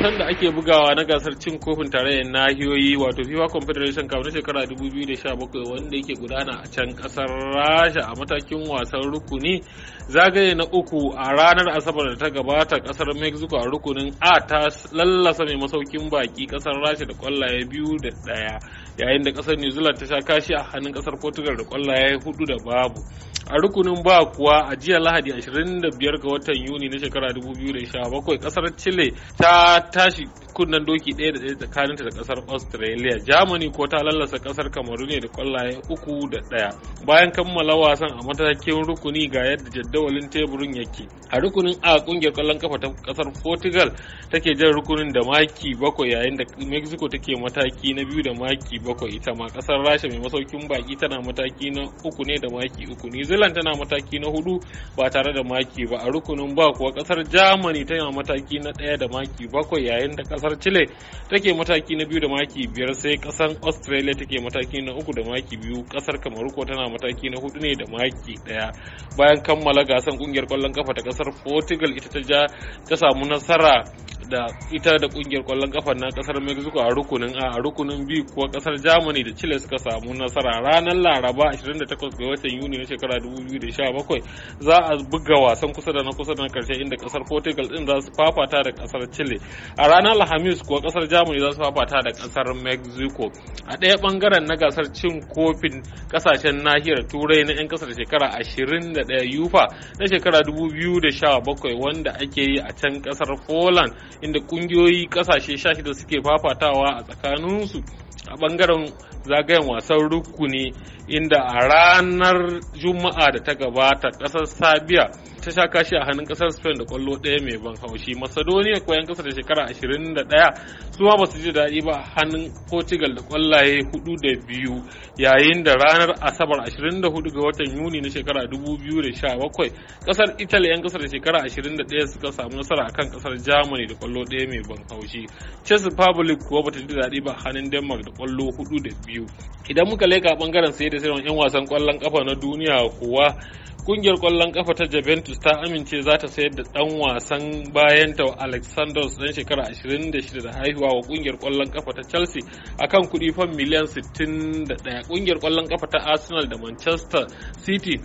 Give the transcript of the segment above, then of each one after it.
wasan da ake bugawa na gasar cin kofin tarayyar nahiyoyi wato fifa confederation cup na shekara 2017 wanda yake gudana a can kasar rasha a matakin wasan rukuni zagaye na uku a ranar asabar da ta gabata kasar mexico a rukunin a ta lallasa mai masaukin baki kasar rasha da kwallaye biyu da daya yayin da kasar new zealand ta sha kashi a hannun kasar portugal da kwallaye hudu da babu a rukunin ba kuwa a jiya lahadi 25 ga watan yuni na shekara 2017 kasar chile ta tashi kunnen doki daya da ɗaya tsakaninta da kasar australia germany ko ta lallasa kasar kamaru ne da kwallaye uku da ɗaya bayan kammala wasan a matakin rukuni ga yadda jadawalin teburin yake a rukunin a kungiyar kwallon kafa ta kasar portugal take jan rukunin da maki bakwai yayin da mexico take mataki na biyu da maki bakwai ita ma kasar rasha mai masaukin baki tana mataki na uku ne da maki uku ne zealand tana mataki na hudu ba tare da maki ba a rukunin ba kuwa kasar germany tana mataki na daya da maki bakwai yayin da kasar chile take mataki na biyu da maki biyar sai kasar australia take mataki na uku da maki biyu kasar kamaruko tana mataki na hudu ne da maki daya bayan kammala gasan kungiyar kwallon kafa ta kasar portugal ita ta ja ta samu nasara da ita da kungiyar kwallon kafa na kasar mexico a rukunin a rukunin biyu kuwa kasar germany da chile suka samu nasara ranar laraba 28 ga watan yuni na shekara 2017 za a buga wasan kusa da na kusa da na karshe inda kasar portugal din za su fafata da kasar chile a ranar alhamis kuwa kasar germany za su fafata da kasar mexico a ɗaya bangaren na gasar cin kofin kasashen nahiyar turai na 'yan kasar shekara 21 yufa na shekara 2017 wanda ake yi a can kasar poland inda kungiyoyi kasashe 16 suke fafatawa a tsakaninsu a bangaren zagayen wasan rukuni inda a ranar juma'a da ta gabata kasar sabiya ta sha kashi a hannun kasar Spain da kwallo ɗaya mai ban haushi. Macedonia ko yan kasa da shekara 21 su ma ba su ji daɗi ba hannun Portugal da kwallaye 4 da biyu yayin da ranar Asabar 24 ga watan Yuni na shekara 2017 kasar Italy yan kasa da shekara 21 suka samu nasara akan kasar Germany da kwallo ɗaya mai ban haushi. Chess Republic kuwa ta ji daɗi ba hannun Denmark da kwallo 4 da biyu. Idan muka leka bangaren sai da sayarwar 'yan wasan kwallon kafa na duniya kuwa kungiyar kwallon kafa ta Juventus ta amince za ta sayar da dan wasan bayan ta Alexandros dan shekara 26 da haihuwa wa kungiyar kwallon kafa ta Chelsea akan kuɗi fam miliyan 61 kungiyar kwallon kafa ta Arsenal da Manchester City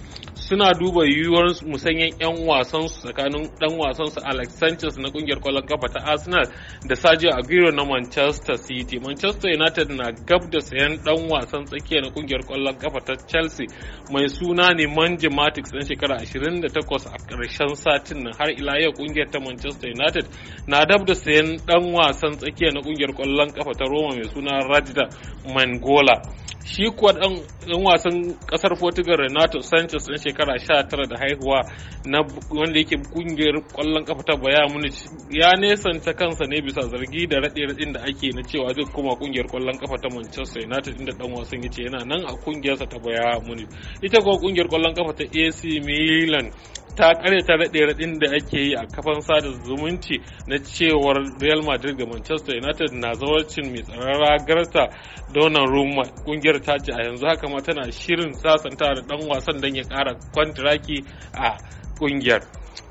suna duba yiwuwar musanyen 'yan wasansu tsakanin dan wasansu Alex Sanchez na kungiyar kwallon kafa ta Arsenal da Sergio Aguero na Manchester City. Manchester United na gab da sayan dan wasan tsakiya na kungiyar kwallon kafa ta Chelsea mai suna ne Manje Matic dan shekara 28 a karshen satin nan har ila yau kungiyar ta Manchester United na dab da sayan dan wasan tsakiya na kungiyar kwallon kafa ta Roma mai suna Rajda Mangola. shi kuwa ɗan wasan kasar Portugal Renato Sanchez ɗan shekara 19 da haihuwa na wanda yake kungiyar kwallon kafa ta baya Munich ya nesanta kansa ne bisa zargi da raɗe raɗin da ake na cewa zai koma kungiyar kwallon kafa ta Manchester United inda dan wasan ya ce yana nan a kungiyarsa ta baya Munich ita kuwa kungiyar kwallon kafa ta AC Milan ta karyata daɗe raɗin da ake yi a kafan sada zumunci na cewar real madrid ga manchester united na zawarcin mai tsarara garta donan roma kungiyar ta ce a yanzu haka ma tana shirin sasanta da dan wasan don ya ƙara kwantiraki a kungiyar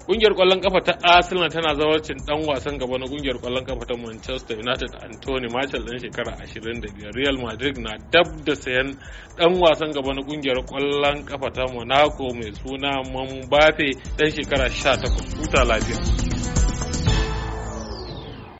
Kungiyar kwallon kafa ta Arsenal tana zawarcin dan wasan gaba na kungiyar kwallon kafa ta Manchester United Anthony Martial dan shekara 25. Real Madrid na dab da sayan dan wasan gaba na kungiyar kwallon kafa ta Monaco mai suna Mbappe dan shekara 18. Huta lafiya.